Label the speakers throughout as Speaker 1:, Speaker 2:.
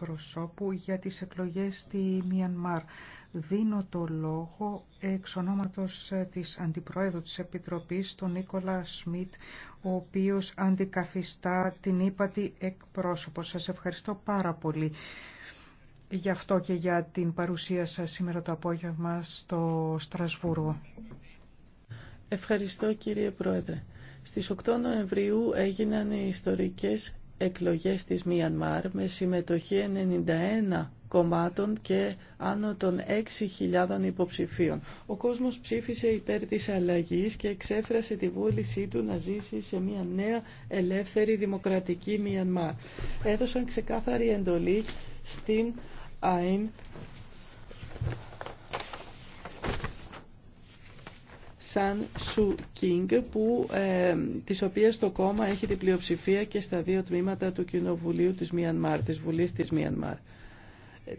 Speaker 1: εκπροσώπου για τις εκλογές στη Μιανμάρ. Δίνω το λόγο εξ ονόματος ε, της Αντιπρόεδρου της Επιτροπής, τον Νίκολα Σμιτ, ο οποίος αντικαθιστά την ύπατη εκπρόσωπο. Σας ευχαριστώ πάρα πολύ γι' αυτό και για την παρουσία σας σήμερα το απόγευμα στο
Speaker 2: Στρασβούργο. Ευχαριστώ κύριε Πρόεδρε. Στις 8 Νοεμβρίου έγιναν οι ιστορικές εκλογές της Μιανμάρ με συμμετοχή 91 κομμάτων και άνω των 6.000 υποψηφίων. Ο κόσμος ψήφισε υπέρ της αλλαγής και εξέφρασε τη βούλησή του να ζήσει σε μια νέα ελεύθερη δημοκρατική Μιανμάρ. Έδωσαν ξεκάθαρη εντολή στην ΑΕΝ Σαν Σου Κίνγκ, που, οποία ε, της οποίας το κόμμα έχει την πλειοψηφία και στα δύο τμήματα του Κοινοβουλίου της Μιανμάρ, της Βουλής της Μιανμάρ.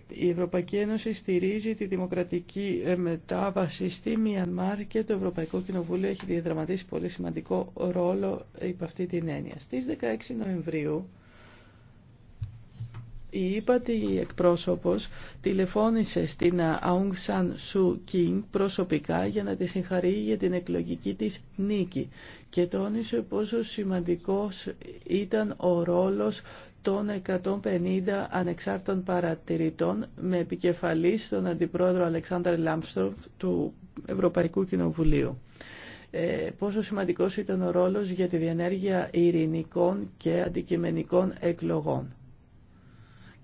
Speaker 2: Η Ευρωπαϊκή Ένωση στηρίζει τη δημοκρατική ε, μετάβαση στη Μιανμάρ και το Ευρωπαϊκό Κοινοβούλιο έχει διαδραματίσει πολύ σημαντικό ρόλο υπ' αυτή την έννοια. Στις 16 Νοεμβρίου η ύπατη εκπρόσωπος τηλεφώνησε στην Aung San Suu Kyi προσωπικά για να τη συγχαρεί για την εκλογική της νίκη και τόνισε πόσο σημαντικός ήταν ο ρόλος των 150 ανεξάρτων παρατηρητών με επικεφαλή στον Αντιπρόεδρο Αλεξάνδρ Λάμστροφ του Ευρωπαϊκού Κοινοβουλίου. Ε, πόσο σημαντικός ήταν ο ρόλος για τη διενέργεια ειρηνικών και αντικειμενικών εκλογών.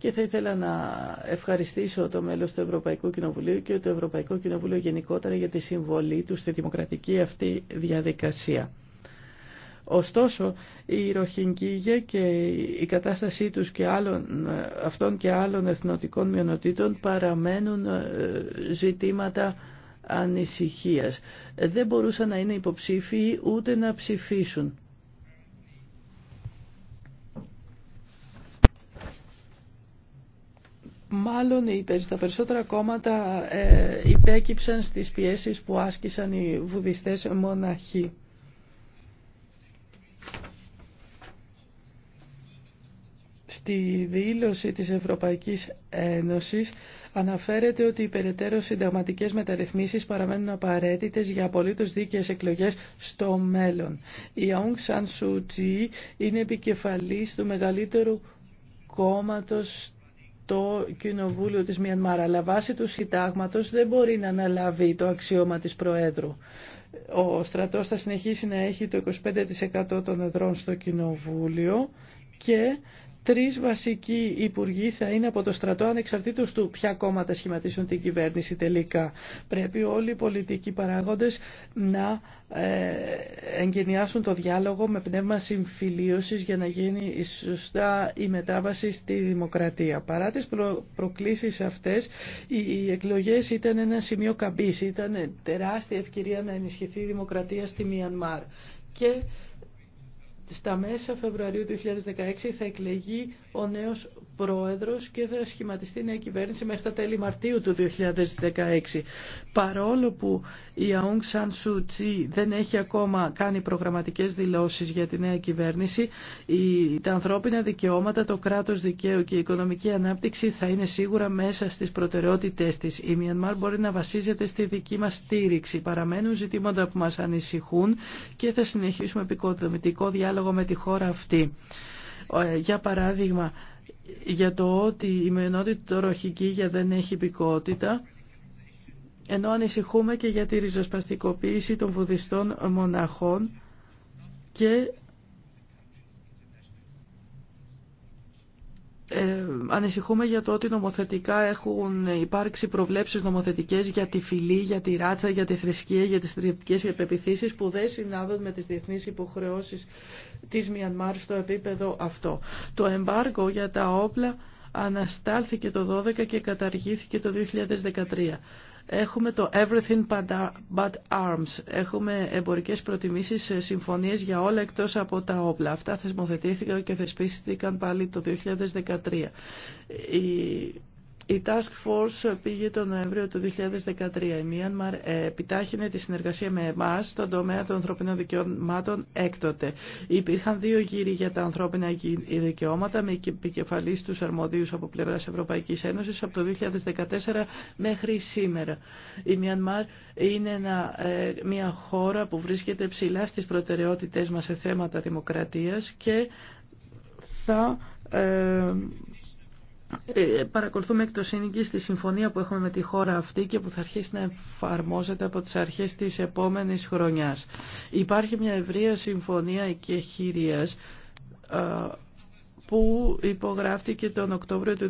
Speaker 2: Και θα ήθελα να ευχαριστήσω το μέλος του Ευρωπαϊκού Κοινοβουλίου και το Ευρωπαϊκό Κοινοβούλιο γενικότερα για τη συμβολή του στη δημοκρατική αυτή διαδικασία. Ωστόσο, η Ροχινγκίγε και η κατάστασή τους και άλλων, αυτών και άλλων εθνοτικών μειονοτήτων παραμένουν ε, ζητήματα ανησυχίας. Ε, δεν μπορούσαν να είναι υποψήφιοι ούτε να ψηφίσουν. Μάλλον τα περισσότερα κόμματα ε, υπέκυψαν στις πιέσεις που άσκησαν οι βουδιστές μοναχοί. Στη δήλωση της Ευρωπαϊκής Ένωσης αναφέρεται ότι οι περαιτέρω συνταγματικές μεταρρυθμίσεις παραμένουν απαραίτητες για απολύτως δίκαιες εκλογές στο μέλλον. Η Aung San Suu Kyi είναι επικεφαλής του μεγαλύτερου κόμματος το Κοινοβούλιο της Μιανμάρα, αλλά βάσει του συντάγματος δεν μπορεί να αναλάβει το αξίωμα της Προέδρου. Ο στρατός θα συνεχίσει να έχει το 25% των εδρών στο Κοινοβούλιο και Τρεις βασικοί υπουργοί θα είναι από το στρατό ανεξαρτήτως του ποια κόμματα σχηματίσουν την κυβέρνηση τελικά. Πρέπει όλοι οι πολιτικοί παράγοντες να ε, εγκαινιάσουν το διάλογο με πνεύμα συμφιλίωσης για να γίνει σωστά η μετάβαση στη δημοκρατία. Παρά τις προκλήσεις αυτές, οι εκλογές ήταν ένα σημείο καμπής. Ήταν τεράστια ευκαιρία να ενισχυθεί η δημοκρατία στη Μιανμάρ. Και στα μέσα Φεβρουαρίου 2016 θα εκλεγεί ο νέος πρόεδρος και θα σχηματιστεί νέα κυβέρνηση μέχρι τα τέλη Μαρτίου του 2016. Παρόλο που η Αούγκ Σαν Kyi δεν έχει ακόμα κάνει προγραμματικές δηλώσεις για τη νέα κυβέρνηση, τα ανθρώπινα δικαιώματα, το κράτος δικαίου και η οικονομική ανάπτυξη θα είναι σίγουρα μέσα στις προτεραιότητές της. Η Μιανμάρ μπορεί να βασίζεται στη δική μας στήριξη. Παραμένουν ζητήματα που μας ανησυχούν και θα συνεχίσουμε επικοδομητικό διάλογο με τη χώρα αυτή. Ε, για παράδειγμα, για το ότι η μειονότητα ροχική για δεν έχει υπηκότητα, ενώ ανησυχούμε και για τη ριζοσπαστικοποίηση των βουδιστών μοναχών και ε, ανησυχούμε για το ότι νομοθετικά έχουν υπάρξει προβλέψεις νομοθετικές για τη φυλή, για τη ράτσα, για τη θρησκεία, για τις θρησκευτικές επεπιθήσεις που δεν συνάδουν με τις διεθνείς υποχρεώσεις της Μιανμάρ στο επίπεδο αυτό. Το εμπάργκο για τα όπλα αναστάλθηκε το 12 και καταργήθηκε το 2013. Έχουμε το Everything But Arms. Έχουμε εμπορικές προτιμήσεις, ε, συμφωνίες για όλα εκτός από τα όπλα. Αυτά θεσμοθετήθηκαν και θεσπίστηκαν πάλι το 2013. Η Task Force πήγε τον Νοέμβριο του 2013. Η Μίανμαρ ε, επιτάχυνε τη συνεργασία με εμά στον τομέα των ανθρωπίνων δικαιωμάτων έκτοτε. Υπήρχαν δύο γύροι για τα ανθρώπινα δικαιώματα με επικεφαλή του αρμοδίους από πλευράς Ευρωπαϊκή Ένωση από το 2014 μέχρι σήμερα. Η Μιανμάρ είναι ε, μια χώρα που βρίσκεται ψηλά στι προτεραιότητές μα σε θέματα δημοκρατία και θα ε, ε, παρακολουθούμε εκ το τη συμφωνία που έχουμε με τη χώρα αυτή και που θα αρχίσει να εφαρμόζεται από τις αρχές της επόμενης χρονιάς. Υπάρχει μια ευρεία συμφωνία και χειρίας ε, που υπογράφτηκε τον Οκτώβριο του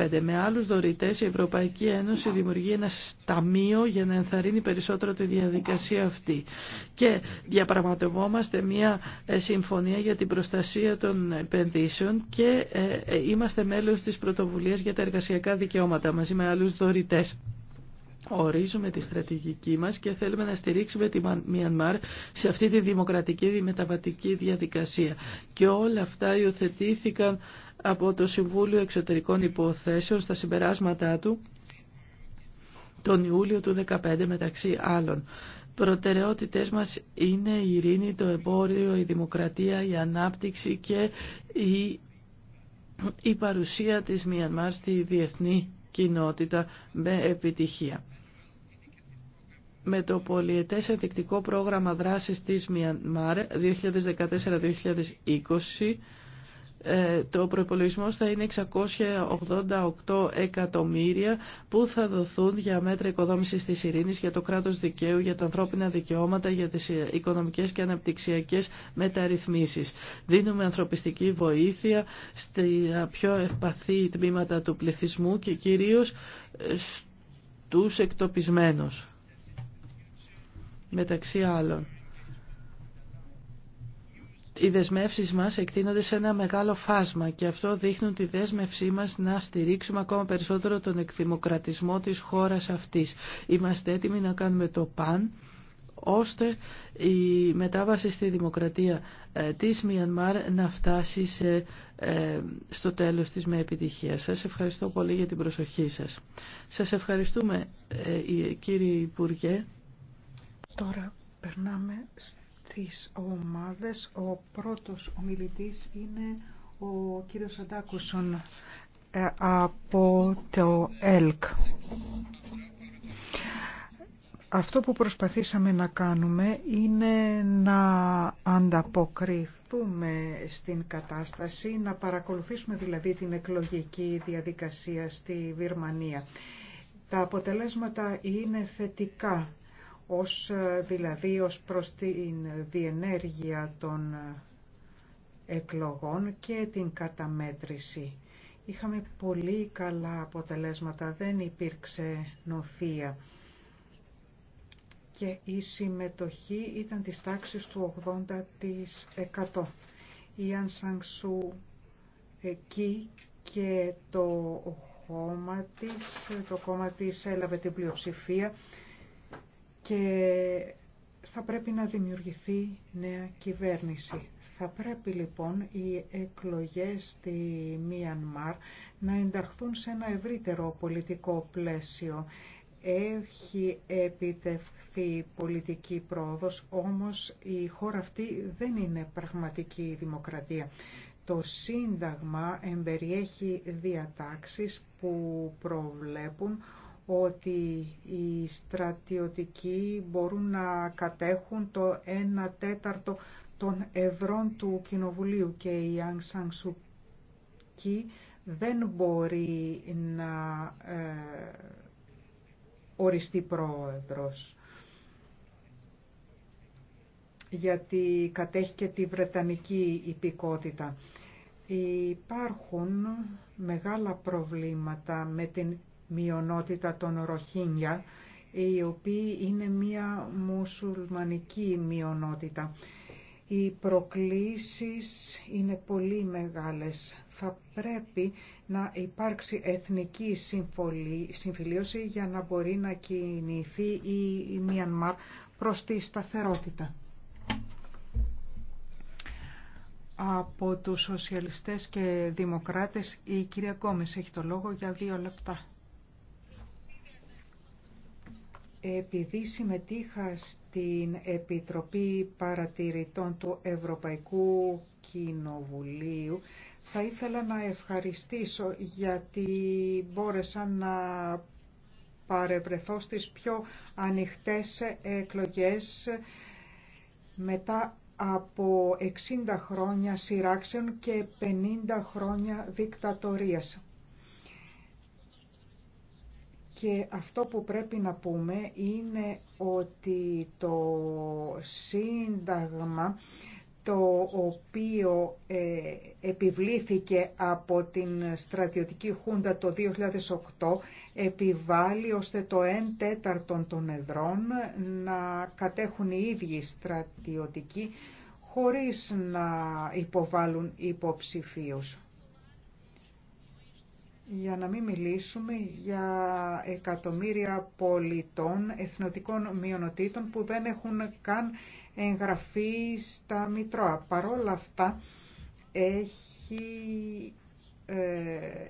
Speaker 2: 2015. Με άλλους δωρητές η Ευρωπαϊκή Ένωση δημιουργεί ένα ταμείο για να ενθαρρύνει περισσότερο τη διαδικασία αυτή. Και διαπραγματευόμαστε μια ε, συμφωνία για την προστασία των επενδύσεων και ε, ε, είμαστε μέλος της πρωτοβουλίας για τα εργασιακά δικαιώματα μαζί με άλλους δωρητές ορίζουμε τη στρατηγική μας και θέλουμε να στηρίξουμε τη Μιανμάρ σε αυτή τη δημοκρατική μεταβατική διαδικασία. Και όλα αυτά υιοθετήθηκαν από το Συμβούλιο Εξωτερικών Υποθέσεων στα συμπεράσματά του τον Ιούλιο του 2015 μεταξύ άλλων. Προτεραιότητες μας είναι η ειρήνη, το εμπόριο, η δημοκρατία, η ανάπτυξη και η, η παρουσία της Μιανμάρ στη διεθνή κοινότητα με επιτυχία. Με το πολιετές ενδεικτικό πρόγραμμα δράσης της Μιανμάρ 2014-2020 ε, το προπολογισμό θα είναι 688 εκατομμύρια που θα δοθούν για μέτρα οικοδόμησης της ειρήνης, για το κράτος δικαίου, για τα ανθρώπινα δικαιώματα, για τις ε, οικονομικές και αναπτυξιακές μεταρρυθμίσεις. Δίνουμε ανθρωπιστική βοήθεια στα πιο ευπαθή τμήματα του πληθυσμού και κυρίως ε, στους εκτοπισμένους μεταξύ άλλων οι δεσμεύσεις μας εκτείνονται σε ένα μεγάλο φάσμα και αυτό δείχνουν τη δέσμευσή μας να στηρίξουμε ακόμα περισσότερο τον εκδημοκρατισμό της χώρας αυτής. Είμαστε έτοιμοι να κάνουμε το παν ώστε η μετάβαση στη δημοκρατία ε, της Μιανμάρ να φτάσει σε, ε, στο τέλος της με επιτυχία. Σας ευχαριστώ πολύ για την προσοχή σας. Σας ευχαριστούμε ε, κύριε Υπουργέ.
Speaker 1: Τώρα περνάμε τις ομάδες. Ο πρώτος ομιλητής είναι ο κύριος Αντάκουσον ε, από το ΕΛΚ. Αυτό που προσπαθήσαμε να κάνουμε είναι να ανταποκριθούμε στην κατάσταση, να παρακολουθήσουμε δηλαδή την εκλογική διαδικασία στη Βυρμανία. Τα αποτελέσματα είναι θετικά ως, ε, δηλαδή ως προς την διενέργεια των ε, εκλογών και την καταμέτρηση. Είχαμε πολύ καλά αποτελέσματα, δεν υπήρξε νοθεία και η συμμετοχή ήταν της τάξης του 80%. Η Αν εκεί και το κόμμα της, το κόμμα έλαβε την πλειοψηφία και θα πρέπει να δημιουργηθεί νέα κυβέρνηση. Θα πρέπει λοιπόν οι εκλογές στη Μιανμάρ να ενταχθούν σε ένα ευρύτερο πολιτικό πλαίσιο. Έχει επιτευχθεί πολιτική πρόοδος, όμως η χώρα αυτή δεν είναι πραγματική δημοκρατία. Το Σύνταγμα εμπεριέχει διατάξεις που προβλέπουν ότι οι στρατιωτικοί μπορούν να κατέχουν το 1 τέταρτο των ευρών του Κοινοβουλίου και η Aung δεν μπορεί να ε, οριστεί πρόεδρος γιατί κατέχει και τη Βρετανική υπηκότητα. Υπάρχουν μεγάλα προβλήματα με την μειονότητα των Ροχίνια, οι οποίοι είναι μία μουσουλμανική μειονότητα. Οι προκλήσεις είναι πολύ μεγάλες. Θα πρέπει να υπάρξει εθνική συμφιλίωση για να μπορεί να κινηθεί η Μιανμάρ προς τη σταθερότητα. Από τους σοσιαλιστές και δημοκράτες η κυρία Κόμες έχει το λόγο για δύο λεπτά. Επειδή συμμετείχα στην Επιτροπή Παρατηρητών του Ευρωπαϊκού Κοινοβουλίου, θα ήθελα να ευχαριστήσω γιατί μπόρεσα να παρευρεθώ στις πιο ανοιχτές εκλογές μετά από 60 χρόνια σειράξεων και 50 χρόνια δικτατορίας. Και αυτό που πρέπει να πούμε είναι ότι το Σύνταγμα το οποίο ε, επιβλήθηκε από την στρατιωτική χούντα το 2008 επιβάλλει ώστε το 1 τέταρτο των εδρών να κατέχουν οι ίδιοι στρατιωτικοί χωρίς να υποβάλουν υποψηφίους για να μην μιλήσουμε για εκατομμύρια πολιτών εθνοτικών μειονοτήτων που δεν έχουν καν εγγραφή στα Μητρώα. Παρόλα αυτά έχει ε,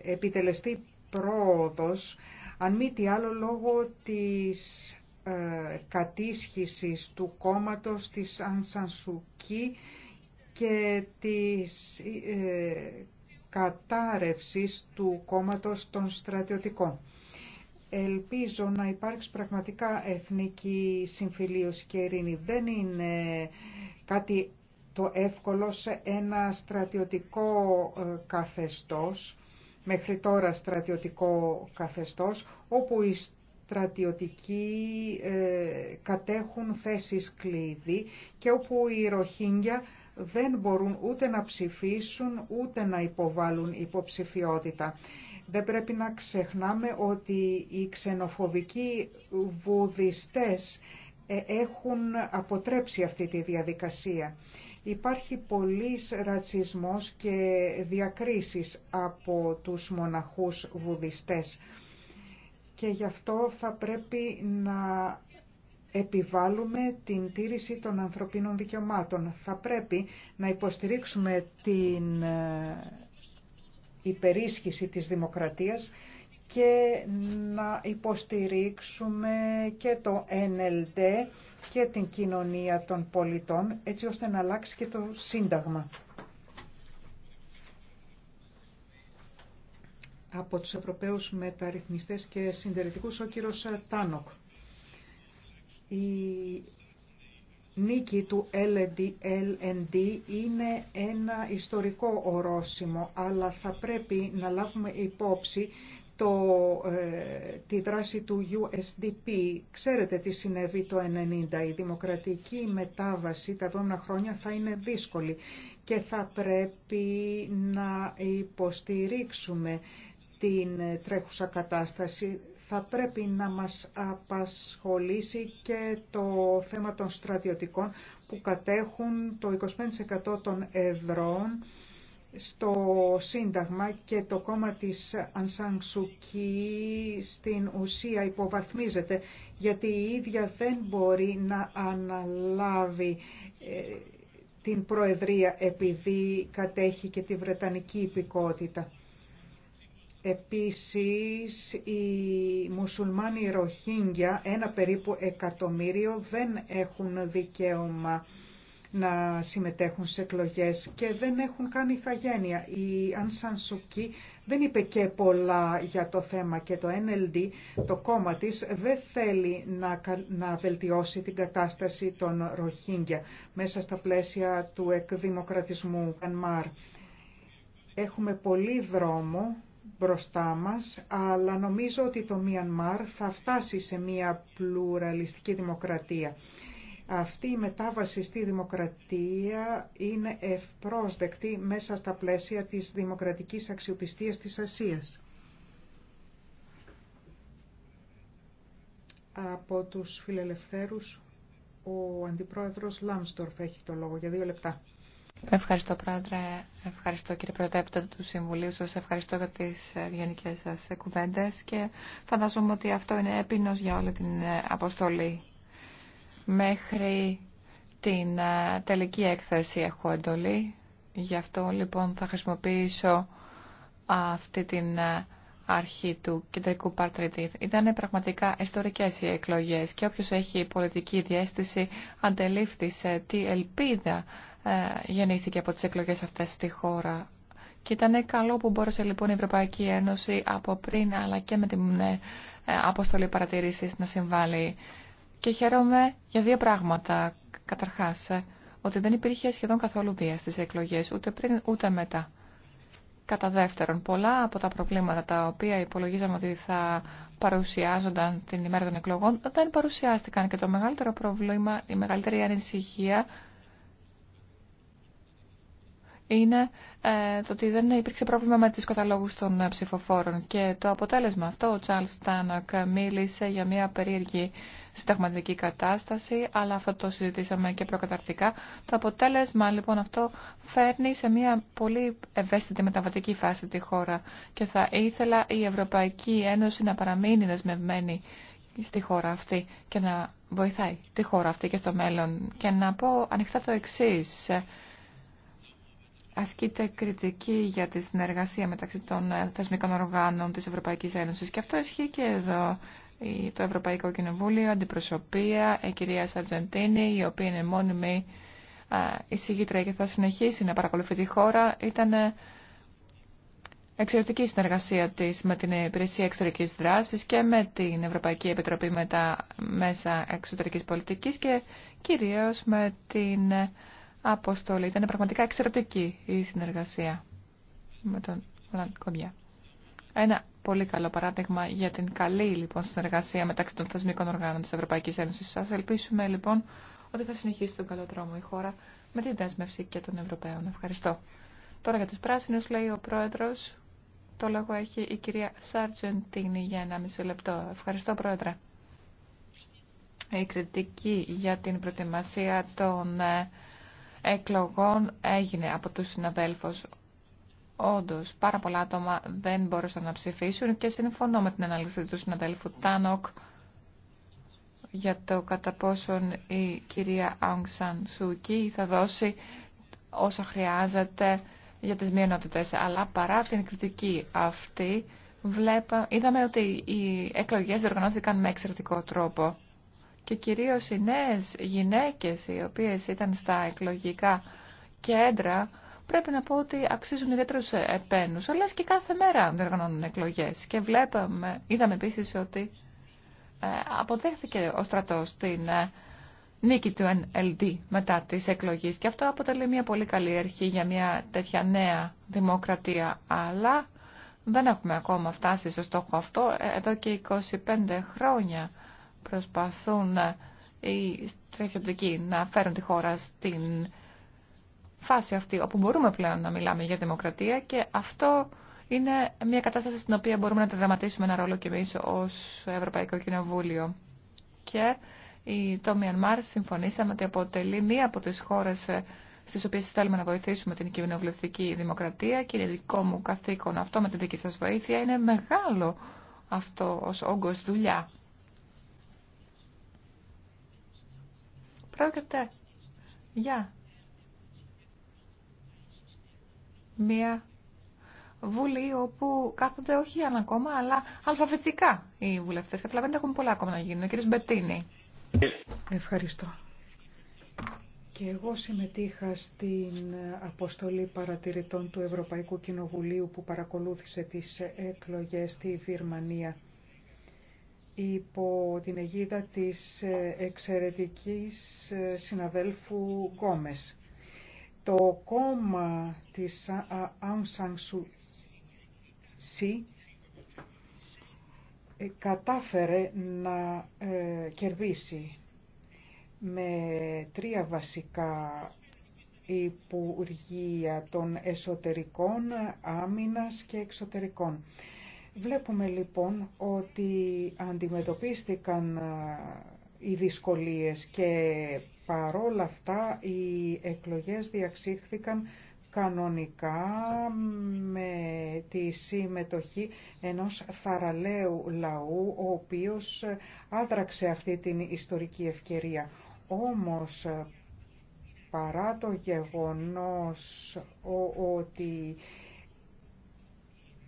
Speaker 1: επιτελεστεί πρόοδος, αν μη τι άλλο λόγω της ε, κατήσχησης του κόμματος της Ανσανσουκή και της ε, κατάρρευσης του κόμματος των στρατιωτικών. Ελπίζω να υπάρξει πραγματικά εθνική συμφιλίωση και ειρήνη. Δεν είναι κάτι το εύκολο σε ένα στρατιωτικό ε, καθεστώς, μέχρι τώρα στρατιωτικό καθεστώς, όπου οι στρατιωτικοί ε, κατέχουν θέσεις κλειδί και όπου οι Ροχίνγκια δεν μπορούν ούτε να ψηφίσουν ούτε να υποβάλουν υποψηφιότητα. Δεν πρέπει να ξεχνάμε ότι οι ξενοφοβικοί βουδιστές ε, έχουν αποτρέψει αυτή τη διαδικασία. Υπάρχει πολύς ρατσισμός και διακρίσεις από τους μοναχούς βουδιστές και γι' αυτό θα πρέπει να επιβάλλουμε την τήρηση των ανθρωπίνων δικαιωμάτων. Θα πρέπει να υποστηρίξουμε την ε, υπερίσχυση της δημοκρατίας και να υποστηρίξουμε και το NLD και την κοινωνία των πολιτών, έτσι ώστε να αλλάξει και το Σύνταγμα. Από τους Ευρωπαίους Μεταρρυθμιστές και Συντηρητικούς, ο κύριος Τάνοκ. Η νίκη του LND είναι ένα ιστορικό ορόσημο, αλλά θα πρέπει να λάβουμε υπόψη το, ε, τη δράση του USDP. Ξέρετε τι συνέβη το 1990. Η δημοκρατική μετάβαση τα επόμενα χρόνια θα είναι δύσκολη και θα πρέπει να υποστηρίξουμε την τρέχουσα κατάσταση θα πρέπει να μας απασχολήσει και το θέμα των στρατιωτικών που κατέχουν το 25% των εδρών στο Σύνταγμα και το κόμμα της Ανσανξουκή στην ουσία υποβαθμίζεται γιατί η ίδια δεν μπορεί να αναλάβει ε, την Προεδρία επειδή κατέχει και τη Βρετανική υπηκότητα. Επίσης, οι μουσουλμάνοι Ροχίνγκια, ένα περίπου εκατομμύριο, δεν έχουν δικαίωμα να συμμετέχουν σε εκλογές και δεν έχουν κάνει ηθαγένεια. Η Ανσάν δεν είπε και πολλά για το θέμα και το NLD, το κόμμα της, δεν θέλει να, να βελτιώσει την κατάσταση των Ροχίνγκια μέσα στα πλαίσια του εκδημοκρατισμού Ανμάρ. Έχουμε πολύ δρόμο μπροστά μας, αλλά νομίζω ότι το Μιανμάρ θα φτάσει σε μια πλουραλιστική δημοκρατία. Αυτή η μετάβαση στη δημοκρατία είναι ευπρόσδεκτη μέσα στα πλαίσια της δημοκρατικής αξιοπιστίας της Ασίας. Από τους φιλελευθέρους, ο Αντιπρόεδρος Λάμστορφ έχει το λόγο για δύο λεπτά.
Speaker 3: Ευχαριστώ πρόεδρε, ευχαριστώ κύριε πρωτεύουσα του Συμβουλίου σας, ευχαριστώ για τις ε, γενικέ σα κουβέντε και φαντάζομαι ότι αυτό είναι έπινο για όλη την ε, αποστολή. Μέχρι την ε, τελική έκθεση έχω εντολή, γι' αυτό λοιπόν θα χρησιμοποιήσω αυτή την αρχή του κεντρικού παρτρίτη. Ήταν πραγματικά ιστορικές οι εκλογές και όποιο έχει πολιτική διέστηση αντελήφθησε τι ελπίδα ε, γεννήθηκε από τις εκλογές αυτές στη χώρα. Και ήταν καλό που μπόρεσε λοιπόν η Ευρωπαϊκή Ένωση από πριν αλλά και με την ε, αποστολή παρατηρήσει να συμβάλλει. Και χαίρομαι για δύο πράγματα. Καταρχάς, ε, ότι δεν υπήρχε σχεδόν καθόλου βία στις εκλογές, ούτε πριν ούτε μετά. Κατά δεύτερον, πολλά από τα προβλήματα τα οποία υπολογίζαμε ότι θα παρουσιάζονταν την ημέρα των εκλογών δεν παρουσιάστηκαν και το μεγαλύτερο πρόβλημα, η μεγαλύτερη ανησυχία είναι ε, το ότι δεν υπήρξε πρόβλημα με τις καταλόγους των ε, ψηφοφόρων και το αποτέλεσμα αυτό ο Τσάλς Τάνακ μίλησε για μια περίεργη συνταγματική κατάσταση, αλλά αυτό το συζητήσαμε και προκαταρτικά. Το αποτέλεσμα λοιπόν αυτό φέρνει σε μια πολύ ευαίσθητη μεταβατική φάση τη χώρα και θα ήθελα η Ευρωπαϊκή Ένωση να παραμείνει δεσμευμένη στη χώρα αυτή και να βοηθάει τη χώρα αυτή και στο μέλλον. Και να πω ανοιχτά το εξή. Ασκείται κριτική για τη συνεργασία μεταξύ των θεσμικών οργάνων της Ευρωπαϊκής Ένωσης και αυτό ισχύει και εδώ το Ευρωπαϊκό Κοινοβούλιο, αντιπροσωπεία, η κυρία Σαρτζεντίνη, η οποία είναι μόνιμη εισηγήτρια και θα συνεχίσει να παρακολουθεί τη χώρα. Ήταν εξαιρετική συνεργασία της με την Υπηρεσία Εξωτερικής Δράσης και με την Ευρωπαϊκή Επιτροπή με τα Μέσα Εξωτερικής Πολιτικής και κυρίως με την Αποστολή. Ήταν πραγματικά εξαιρετική η συνεργασία με τον Λαν Κομπιά. Ένα πολύ καλό παράδειγμα για την καλή λοιπόν συνεργασία μεταξύ των θεσμικών οργάνων της Ευρωπαϊκής Ένωσης. Σας ελπίσουμε λοιπόν ότι θα συνεχίσει τον καλό δρόμο η χώρα με την δέσμευση και των Ευρωπαίων. Ευχαριστώ. Τώρα για τους πράσινους λέει ο Πρόεδρος. Το λόγο έχει η κυρία Σαρτζεντίνη για ένα μισό λεπτό. Ευχαριστώ Πρόεδρε. Η κριτική για την προετοιμασία των ε, εκλογών έγινε από τους συναδέλφους Όντω πάρα πολλά άτομα δεν μπόρεσαν να ψηφίσουν και συμφωνώ με την ανάλυση του συναδέλφου Τάνοκ για το κατά πόσον η κυρία Σαν Σουκί θα δώσει όσα χρειάζεται για τις μειονότητες. Αλλά παρά την κριτική αυτή, βλέπα, είδαμε ότι οι εκλογές διοργανώθηκαν με εξαιρετικό τρόπο. Και κυρίως οι νέες γυναίκες οι οποίες ήταν στα εκλογικά κέντρα πρέπει να πω ότι αξίζουν ιδιαίτερου ε, επένου, αλλά και κάθε μέρα διοργανώνουν εκλογέ. Και βλέπαμε, είδαμε επίση ότι ε, αποδέχθηκε ο στρατό την ε, νίκη του NLD μετά τις εκλογές και αυτό αποτελεί μια πολύ καλή αρχή για μια τέτοια νέα δημοκρατία αλλά δεν έχουμε ακόμα φτάσει στο στόχο αυτό εδώ και 25 χρόνια προσπαθούν οι στρατιωτικοί να φέρουν τη χώρα στην φάση αυτή όπου μπορούμε πλέον να μιλάμε για δημοκρατία και αυτό είναι μια κατάσταση στην οποία μπορούμε να δραματίσουμε ένα ρόλο και εμεί ω Ευρωπαϊκό Κοινοβούλιο. Και το Μιανμάρ συμφωνήσαμε ότι αποτελεί μία από τι χώρε ε, στι οποίε θέλουμε να βοηθήσουμε την κοινοβουλευτική δημοκρατία και είναι δικό μου καθήκον αυτό με την δική σα βοήθεια. Είναι μεγάλο αυτό ω όγκο δουλειά. Πρόκειται για μια βουλή όπου κάθονται όχι ένα αλλά αλφαβητικά οι βουλευτές. Καταλαβαίνετε, έχουν πολλά ακόμα να γίνουν. Ο Μπετίνη.
Speaker 1: Ευχαριστώ. Και εγώ συμμετείχα στην αποστολή παρατηρητών του Ευρωπαϊκού Κοινοβουλίου που παρακολούθησε τις εκλογές στη Βυρμανία υπό την αιγίδα της εξαιρετικής συναδέλφου Γκόμες το κόμμα της Aung San Suu ε, κατάφερε να ε, κερδίσει με τρία βασικά Υπουργεία των Εσωτερικών, Άμυνας και Εξωτερικών. Βλέπουμε λοιπόν ότι αντιμετωπίστηκαν ε, οι δυσκολίες και παρόλα αυτά οι εκλογές διαξήχθηκαν κανονικά με τη συμμετοχή ενός θαραλέου λαού ο οποίος άδραξε αυτή την ιστορική ευκαιρία. Όμως παρά το γεγονός ότι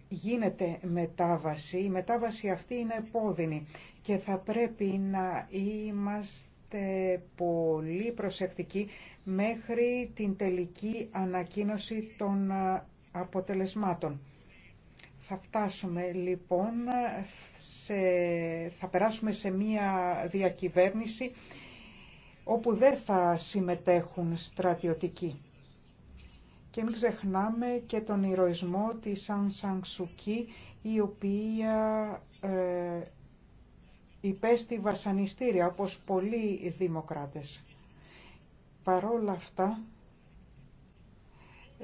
Speaker 1: γίνεται μετάβαση, η μετάβαση αυτή είναι επώδυνη και θα πρέπει να είμαστε Είμαστε πολύ προσεκτικοί μέχρι την τελική ανακοίνωση των ε, αποτελεσμάτων. Θα φτάσουμε λοιπόν, σε, θα περάσουμε σε μία διακυβέρνηση όπου δεν θα συμμετέχουν στρατιωτικοί. Και μην ξεχνάμε και τον ηρωισμό της Σαν Σανξουκή, η οποία ε, υπέστη βασανιστήρια όπως πολλοί δημοκράτες. Παρόλα αυτά,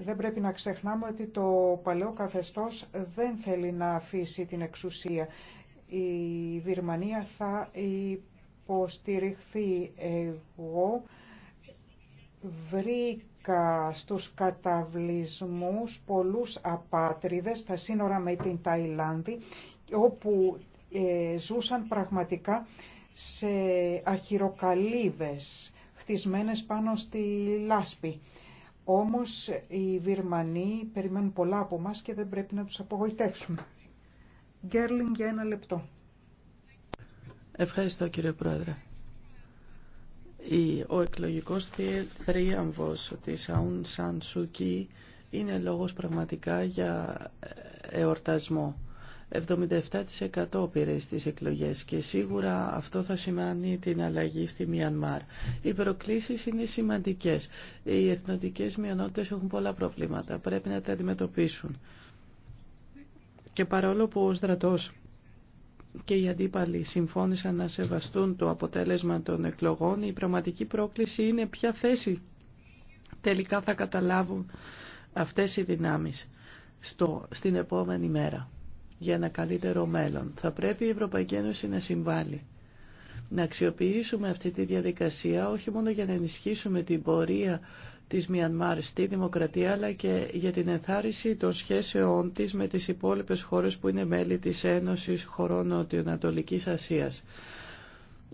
Speaker 1: δεν πρέπει να ξεχνάμε ότι το παλαιό καθεστώς δεν θέλει να αφήσει την εξουσία. Η Βυρμανία θα υποστηριχθεί. Εγώ βρήκα στους καταβλισμούς πολλούς απάτριδες στα σύνορα με την Ταϊλάνδη όπου ε, ζούσαν πραγματικά σε αχυροκαλύβες χτισμένες πάνω στη λάσπη. Όμως οι Βυρμανοί περιμένουν πολλά από μας και δεν πρέπει να τους απογοητεύσουμε. Γκέρλινγκ για ένα λεπτό.
Speaker 2: Ευχαριστώ κύριε Πρόεδρε. Ο εκλογικός θρίαμβος της Αουν Σαν είναι λόγος πραγματικά για ε, εορτασμό. 77% πήρε στις εκλογές και σίγουρα αυτό θα σημαίνει την αλλαγή στη Μιανμάρ. Οι προκλήσεις είναι σημαντικές. Οι εθνοτικές μειονότητες έχουν πολλά προβλήματα. Πρέπει να τα αντιμετωπίσουν. Και παρόλο που ο στρατός και οι αντίπαλοι συμφώνησαν να σεβαστούν το αποτέλεσμα των εκλογών, η πραγματική πρόκληση είναι ποια θέση τελικά θα καταλάβουν αυτές οι δυνάμεις στο, στην επόμενη μέρα για ένα καλύτερο μέλλον. Θα πρέπει η Ευρωπαϊκή Ένωση να συμβάλλει. Να αξιοποιήσουμε αυτή τη διαδικασία όχι μόνο για να ενισχύσουμε την πορεία της Μιανμάρ στη δημοκρατία αλλά και για την ενθάρρυνση των σχέσεών της με τις υπόλοιπες χώρες που είναι μέλη της Ένωσης χωρών Νοτιοανατολικής Ασίας.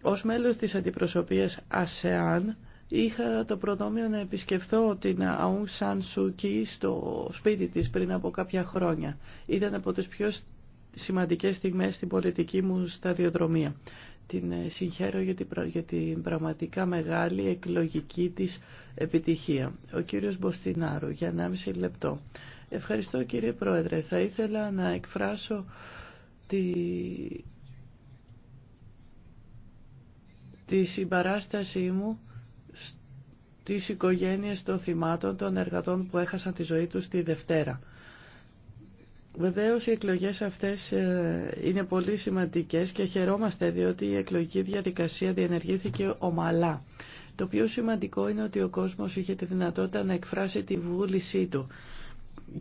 Speaker 2: Ως μέλος της αντιπροσωπείας ΑΣΕΑΝ είχα το προνόμιο να επισκεφθώ την Aung San Suu Kyi στο σπίτι της πριν από κάποια χρόνια. Ήταν από τις πιο σημαντικές στιγμές στην πολιτική μου σταδιοδρομία. Την ε, συγχαίρω για την πραγματικά μεγάλη εκλογική της επιτυχία. Ο κύριος Μποστινάρου, για 1,5 λεπτό. Ευχαριστώ κύριε Πρόεδρε. Θα ήθελα να εκφράσω τη... τη συμπαράστασή μου στις οικογένειες των θυμάτων των εργατών που έχασαν τη ζωή τους τη Δευτέρα. Βεβαίως οι εκλογές αυτές ε, είναι πολύ σημαντικές και χαιρόμαστε διότι η εκλογική διαδικασία διενεργήθηκε ομαλά. Το πιο σημαντικό είναι ότι ο κόσμος είχε τη δυνατότητα να εκφράσει τη βούλησή του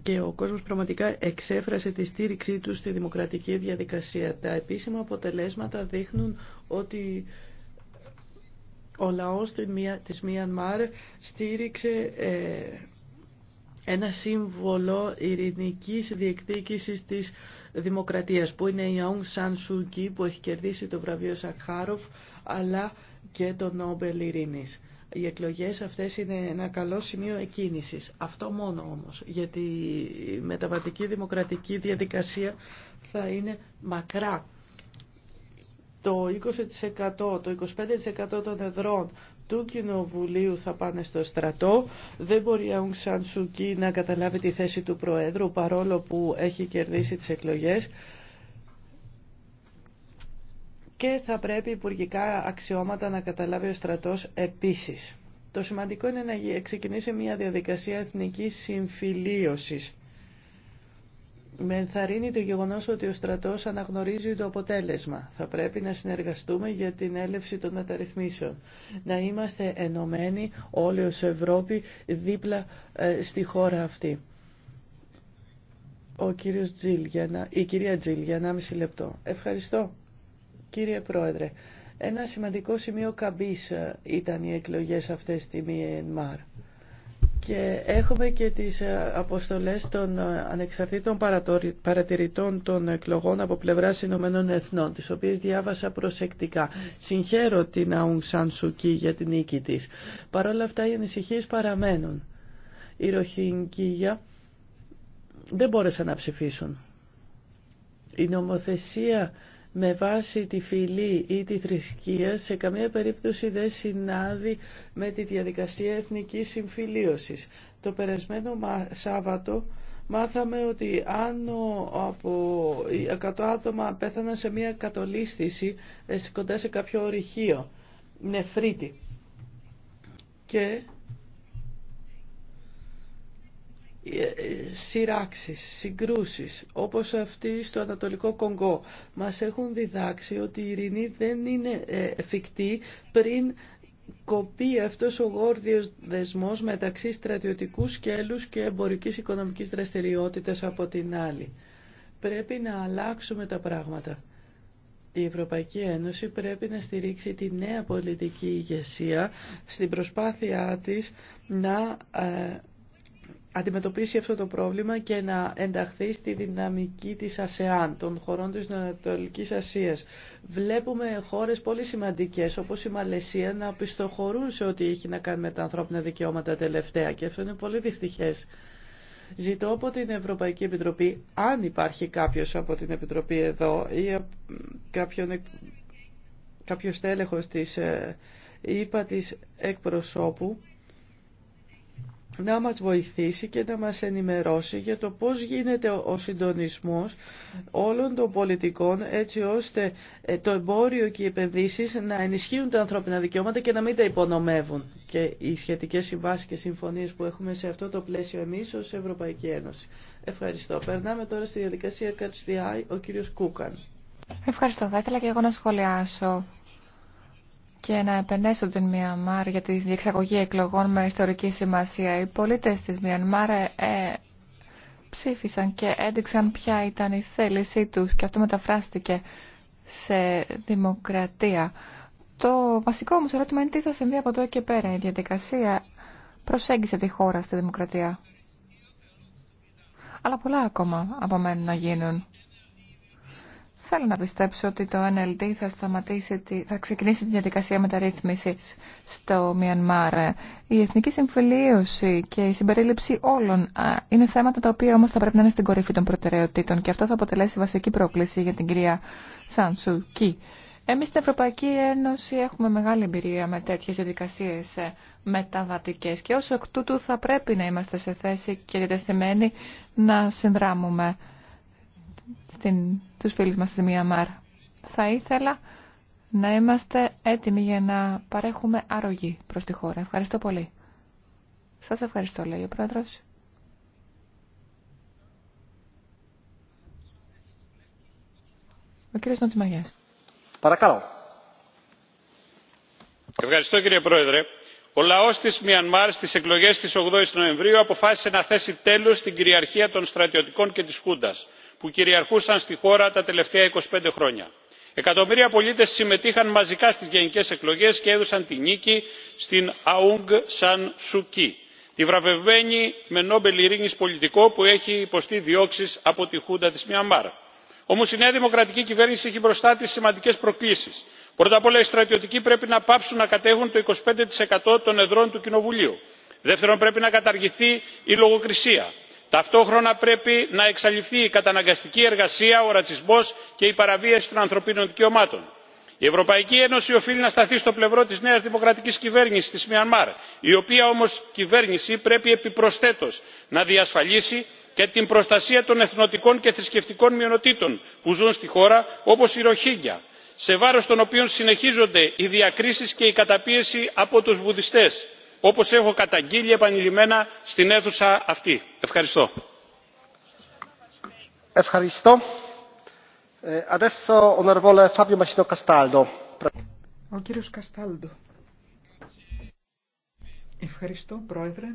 Speaker 2: και ο κόσμος πραγματικά εξέφρασε τη στήριξή του στη δημοκρατική διαδικασία. Τα επίσημα αποτελέσματα δείχνουν ότι ο λαός της Μιανμάρ στήριξε ε, ένα σύμβολο ειρηνικής διεκδίκησης της δημοκρατίας που είναι η Aung Σαν Suu που έχει κερδίσει το βραβείο Σακχάροφ αλλά και το Νόμπελ Ειρήνης. Οι εκλογές αυτές είναι ένα καλό σημείο εκκίνησης. Αυτό μόνο όμως, γιατί η μεταβατική δημοκρατική διαδικασία θα είναι μακρά το 20%, το 25% των εδρών του Κοινοβουλίου θα πάνε στο στρατό. Δεν μπορεί ο Αουνξάν να καταλάβει τη θέση του Προέδρου παρόλο που έχει κερδίσει τις εκλογές και θα πρέπει υπουργικά αξιώματα να καταλάβει ο στρατός επίσης. Το σημαντικό είναι να ξεκινήσει μια διαδικασία εθνικής συμφιλίωσης με ενθαρρύνει το γεγονός ότι ο στρατός αναγνωρίζει το αποτέλεσμα. Θα πρέπει να συνεργαστούμε για την έλευση των μεταρρυθμίσεων. Να είμαστε ενωμένοι όλοι ως Ευρώπη δίπλα ε, στη χώρα αυτή. Ο κύριος Τζιλ, να... Η κυρία Τζιλ για 1,5 λεπτό. Ευχαριστώ κύριε Πρόεδρε. Ένα σημαντικό σημείο καμπής ε, ήταν οι εκλογές αυτές στη Μιενμάρ. Και έχουμε και τις ε, αποστολές των ε, ανεξαρτήτων παρατηρητών των εκλογών από πλευράς Ηνωμένων Εθνών, τις οποίες διάβασα προσεκτικά. Συγχαίρω την Αουν Σαν Σουκί για την νίκη της. Παρ' όλα αυτά οι ανησυχίε παραμένουν. Οι Ροχινγκίγια δεν μπόρεσαν να ψηφίσουν. Η νομοθεσία με βάση τη φυλή ή τη θρησκεία σε καμία περίπτωση δεν συνάδει με τη διαδικασία εθνικής συμφιλίωσης. Το περασμένο Σάββατο μάθαμε ότι άνω από 100 άτομα πέθαναν σε μια κατολίσθηση ε, κοντά σε κάποιο ορυχείο, νεφρίτη. Και Ε, ε, σειράξεις, συγκρούσεις όπως αυτή στο Ανατολικό Κονγκό μας έχουν διδάξει ότι η ειρηνή δεν είναι ε, εφικτή πριν κοπεί αυτός ο γόρδιος δεσμός μεταξύ στρατιωτικού σκέλους και εμπορικής οικονομικής δραστηριότητας από την άλλη. Πρέπει να αλλάξουμε τα πράγματα. Η Ευρωπαϊκή Ένωση πρέπει να στηρίξει τη νέα πολιτική ηγεσία στην προσπάθειά της να αντιμετωπίσει αυτό το πρόβλημα και να ενταχθεί στη δυναμική της ΑΣΕΑΝ, των χωρών της Νοτιοανατολικής Ασίας. Βλέπουμε χώρες πολύ σημαντικές, όπως η Μαλαισία, να πιστοχωρούν σε ό,τι έχει να κάνει με τα ανθρώπινα δικαιώματα τελευταία και αυτό είναι πολύ δυστυχές. Ζητώ από την Ευρωπαϊκή Επιτροπή, αν υπάρχει κάποιος από την Επιτροπή εδώ ή κάποιον, κάποιος τέλεχος της είπα της εκπροσώπου, να μας βοηθήσει και να μας ενημερώσει για το πώς γίνεται ο συντονισμός όλων των πολιτικών έτσι ώστε ε, το εμπόριο και οι επενδύσεις να ενισχύουν τα ανθρώπινα δικαιώματα και να μην τα υπονομεύουν. Και οι σχετικές συμβάσεις και συμφωνίες που έχουμε σε αυτό το πλαίσιο εμείς ως Ευρωπαϊκή Ένωση. Ευχαριστώ. Περνάμε τώρα στη διαδικασία Eye, ο κύριος Κούκαν.
Speaker 3: Ευχαριστώ. Θα ήθελα και εγώ να σχολιάσω και να επενέσουν την Μιανμάρ για τη διεξαγωγή εκλογών με ιστορική σημασία. Οι πολίτες της Μιανμάρ ε, ψήφισαν και έδειξαν ποια ήταν η θέλησή τους και αυτό μεταφράστηκε σε δημοκρατία. Το βασικό μου ερώτημα είναι τι θα συμβεί από εδώ και πέρα. Η διαδικασία προσέγγισε τη χώρα στη δημοκρατία. Αλλά πολλά ακόμα απομένουν να γίνουν. Θέλω να πιστέψω ότι το NLD θα, σταματήσει, θα ξεκινήσει τη διαδικασία μεταρρύθμισης στο Μιανμάρ. Η εθνική συμφιλίωση και η συμπερίληψη όλων είναι θέματα τα οποία όμως θα πρέπει να είναι στην κορυφή των προτεραιοτήτων και αυτό θα αποτελέσει βασική πρόκληση για την κυρία Σανσου Κι. Εμείς στην Ευρωπαϊκή Ένωση έχουμε μεγάλη εμπειρία με τέτοιες διαδικασίες ε, μεταβατικές και όσο εκ τούτου θα πρέπει να είμαστε σε θέση και διατεθειμένοι να συνδράμουμε στην, τους φίλους μας στη Μιαμάρ. Θα ήθελα να είμαστε έτοιμοι για να παρέχουμε αρρωγή προς τη χώρα. Ευχαριστώ πολύ. Σας ευχαριστώ, λέει ο Πρόεδρος. Ο κύριος Νοτσιμαγιάς.
Speaker 4: Παρακαλώ. Ευχαριστώ κύριε Πρόεδρε. Ο λαός της Μιανμάρ στις εκλογές της 8 η Νοεμβρίου αποφάσισε να θέσει τέλος στην κυριαρχία των στρατιωτικών και της Χούντας που κυριαρχούσαν στη χώρα τα τελευταία 25 χρόνια. Εκατομμύρια πολίτες συμμετείχαν μαζικά στις γενικές εκλογές και έδωσαν τη νίκη στην Αούγκ Σαν Σουκί, τη βραβευμένη με Νόμπελ ειρήνης πολιτικό που έχει υποστεί διώξεις από τη Χούντα της Μιαμάρ. Όμως η νέα δημοκρατική κυβέρνηση έχει μπροστά της σημαντικές προκλήσεις. Πρώτα απ' όλα οι στρατιωτικοί πρέπει να πάψουν να κατέχουν το 25% των εδρών του Κοινοβουλίου. Δεύτερον πρέπει να καταργηθεί η λογοκρισία ταυτόχρονα πρέπει να εξαλειφθεί η καταναγκαστική εργασία ο ρατσισμός και η παραβίαση των ανθρωπίνων δικαιωμάτων. η ευρωπαϊκή ένωση οφείλει να σταθεί στο πλευρό της νέας δημοκρατικής κυβέρνησης της μιανμάρ η οποία όμως κυβέρνηση πρέπει επιπροσθέτως να διασφαλίσει και την προστασία των εθνοτικών και θρησκευτικών μειονοτήτων που ζουν στη χώρα όπως η ροχίνγκια σε βάρος των οποίων συνεχίζονται οι διακρίσεις και η καταπίεση από τους βουδιστές όπως έχω καταγγείλει επανειλημμένα στην αίθουσα αυτή. Ευχαριστώ.
Speaker 1: Ευχαριστώ. Ε, Ο κύριος Καστάλντο. Ευχαριστώ, Πρόεδρε.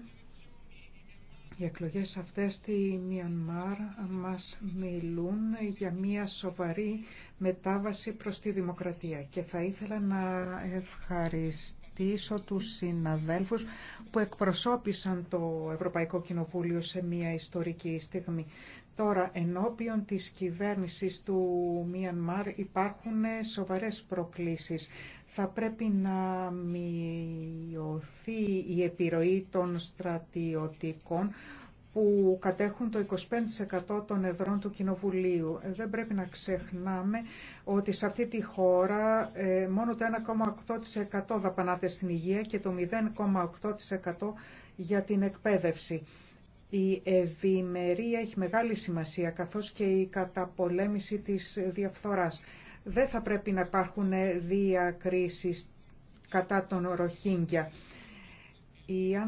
Speaker 1: Οι εκλογές αυτές στη Μιανμάρ μας μιλούν για μια σοβαρή μετάβαση προς τη δημοκρατία και θα ήθελα να ευχαριστήσω ευχαριστήσω τους συναδέλφους που εκπροσώπησαν το Ευρωπαϊκό Κοινοβούλιο σε μια ιστορική στιγμή. Τώρα, ενώπιον της κυβέρνησης του Μιανμάρ υπάρχουν σοβαρές προκλήσεις. Θα πρέπει να μειωθεί η επιρροή των στρατιωτικών που κατέχουν το 25% των εδρών του Κοινοβουλίου. Ε, δεν πρέπει να ξεχνάμε ότι σε αυτή τη χώρα ε, μόνο το 1,8% δαπανάται στην υγεία και το 0,8% για την εκπαίδευση. Η ευημερία έχει μεγάλη σημασία καθώς και η καταπολέμηση της διαφθοράς. Δεν θα πρέπει να υπάρχουν διακρίσεις κατά τον Ροχίνγκια η Αν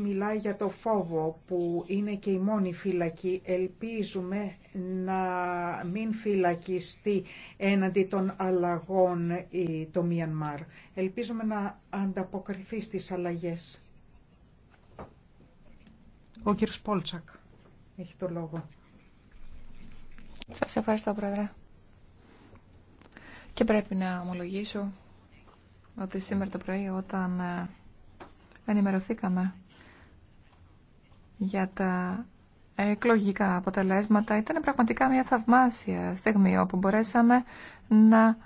Speaker 1: μιλάει για το φόβο που είναι και η μόνη φυλακή. Ελπίζουμε να μην φυλακιστεί έναντι των αλλαγών το Μιανμάρ. Ελπίζουμε να ανταποκριθεί στις αλλαγές. Ο κ. Πόλτσακ έχει το λόγο. Σας ευχαριστώ
Speaker 3: πρόεδρε. Και πρέπει να ομολογήσω ότι σήμερα το πρωί όταν ε, ενημερωθήκαμε για τα εκλογικά αποτελέσματα. Ήταν πραγματικά μια θαυμάσια στιγμή όπου μπορέσαμε να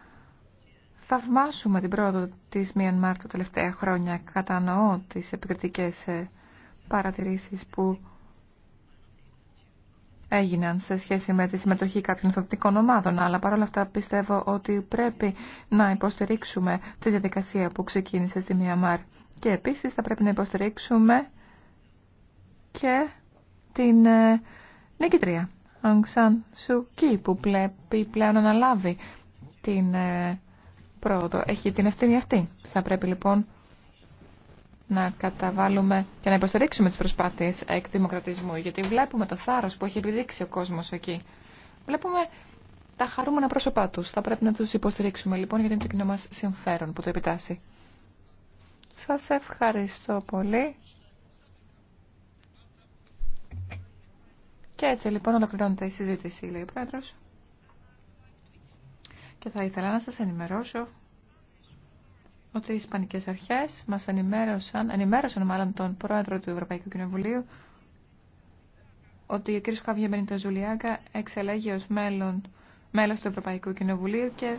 Speaker 3: θαυμάσουμε την πρόοδο της Μιανμάρ τα τελευταία χρόνια. Κατανοώ τις επικριτικές ε, παρατηρήσεις που έγιναν σε σχέση με τη συμμετοχή κάποιων θετικών ομάδων, αλλά παρόλα αυτά πιστεύω ότι πρέπει να υποστηρίξουμε τη διαδικασία που ξεκίνησε στη Μιανμάρ. Και επίσης θα πρέπει να υποστηρίξουμε και την ε, νικητρία σου Σουκί που πλέπει πλέον αναλάβει την ε, πρόοδο. Έχει την ευθύνη αυτή. Θα πρέπει λοιπόν να καταβάλουμε και να υποστηρίξουμε τις προσπάθειες εκδημοκρατισμού γιατί βλέπουμε το θάρρος που έχει επιδείξει ο κόσμος εκεί. Βλέπουμε τα χαρούμενα πρόσωπά τους. Θα πρέπει να τους υποστηρίξουμε λοιπόν για την κοινό μας συμφέρον που το επιτάσσει. Σας ευχαριστώ πολύ. Και έτσι λοιπόν ολοκληρώνεται η συζήτηση, λέει ο Πρόεδρος. Και θα ήθελα να σας ενημερώσω ότι οι Ισπανικές Αρχές μας ενημέρωσαν, ενημέρωσαν μάλλον τον Πρόεδρο του Ευρωπαϊκού Κοινοβουλίου ότι ο κ. Καβιεμπενιτο Ζουλιάκα εξελέγει ως μέλος του Ευρωπαϊκού Κοινοβουλίου και